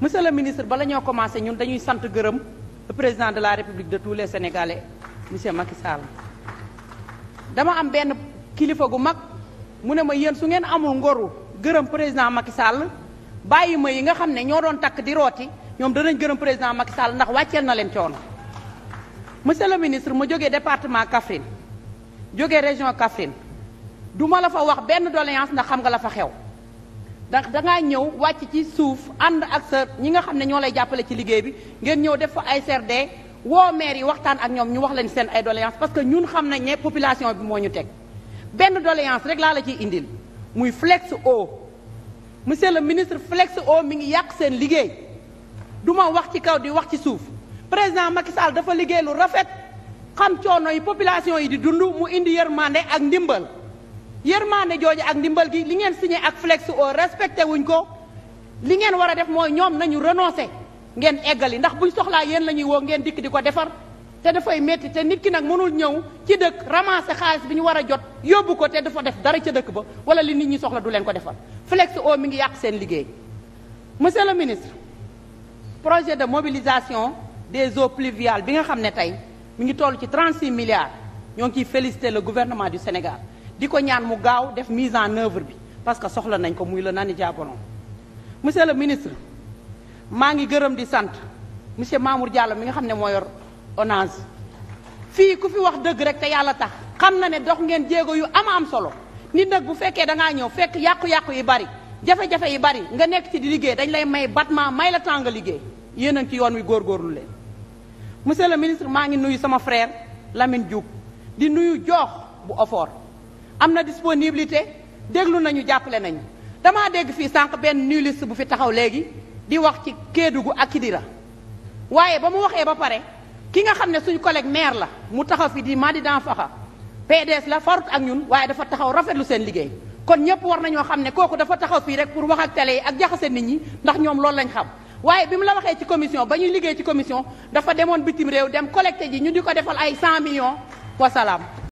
monsieur le ministre bala ñoo commencé ñun dañuy sant gërëm le président de la république de tous les sénégalais monsieur Macky Sall dama am benn kilifa gu mag mu ne ma yéen su ngeen amul ngoru gërëm président Macky Sall bàyyi ma yi nga xam ne ñoo doon takk di rooti ñoom danañ gërëm président Macky Sall ndax wàcceel na leen coon monsieur le ministre ma jógee département Kaffrine jóge région Kaffrine du ma la fa wax benn doléance ndax xam nga la fa xew ndax dangaa ñëw wàcc ci suuf ànd ak sa ñi nga xam ne ñoo lay jàppale ci liggéey bi ngeen ñëw def fa ay CRD woo maire yi waxtaan ak ñoom ñu wax leen seen ay doléance parce que ñun xam nañ ne population bi moo ñu teg benn doléance rek laa la ciy indil muy flex eau monsieur le ministre flex o mi ngi yàq seen liggéey du ma wax ci kaw di wax ci suuf président Macky Sall dafa liggéey lu rafet xam coono yi population yi di dund mu indi yërmande ak ndimbal yërmaande jooju ak ndimbal gi li ngeen signé ak Flex au respecté wuñ ko li ngeen war a def mooy ñoom nañu renoncé ngeen eggali ndax buñ soxlaa yéen la ñuy woo ngeen dikk di ko defar te dafay métti te nit ki nag mënul ñëw ci dëkk ramasser xaalis bi ñu war a jot yóbbu ko te dafa def dara ci dëkk ba wala li nit ñi soxla du leen ko defar Flex o mi ngi yàq seen liggéey monsieur le ministre projet de mobilisation des eaux pluviales bi nga xam ne tey mi ngi toll ci 36 milliards ñoo ngi ciy félicité le gouvernement du Sénégal di ko ñaan mu gaaw def mise en œuvre bi parce que soxla nañ ko muy la Nani Diabono monsieur le ministre maa ngi gërëm di sant monsieur Mamour Diallo mi nga xam ne moo yor ONAS fii ku fi wax dëgg rek te yàlla tax xam na ne dox ngeen jéego yu am a am solo nit nag bu fekkee da ñëw fekk yàqu-yàqu yi bari jafe-jafe yi bari nga nekk ci di liggéey dañ lay may battement may la temps liggéey yéen a ci yoon wi góorgóorlu leen monsieur le ministre maa ngi nuyu sama frère Lamine Diouf di nuyu joox bu ofoor am na disponibilité déglu nañu jàppale nañu damaa dégg fii sànq benn nuliste bu fi taxaw léegi di wax ci Kédougou ak Kidira waaye ba mu waxee ba pare ki nga xam ne suñ collègue maire la mu taxaw fii di Madina Faxa PDS la farut ak ñun waaye dafa taxaw rafetlu seen liggéey kon ñëpp war nañoo xam ne kooku dafa taxaw fii rek pour wax ak télé yi ak jaxase nit ñi ndax ñoom loolu lañ xam waaye bi mu la waxee ci commission ba ñuy liggéey ci commission dafa demoon bitim réew dem collecté ji ñu di ko defal ay 100 millions wasalaam.